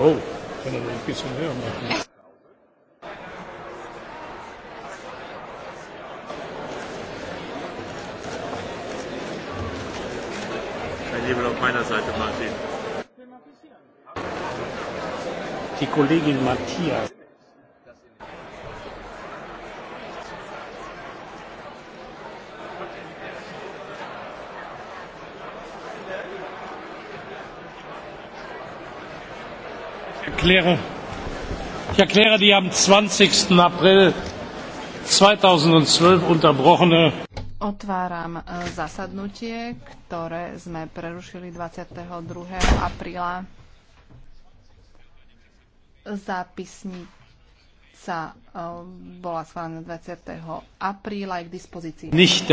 Oh, wenn er ein bisschen höher machen. Ein auf meiner Seite, Martin. Die Kollegin Matthias. ich erkläre die am 20. April 2012 unterbrochene Otváram e, zasadnutie, ktoré sme prerušili 22. apríla. Zápisnica e, bola schválená 20. apríla aj k dispozícii. Nicht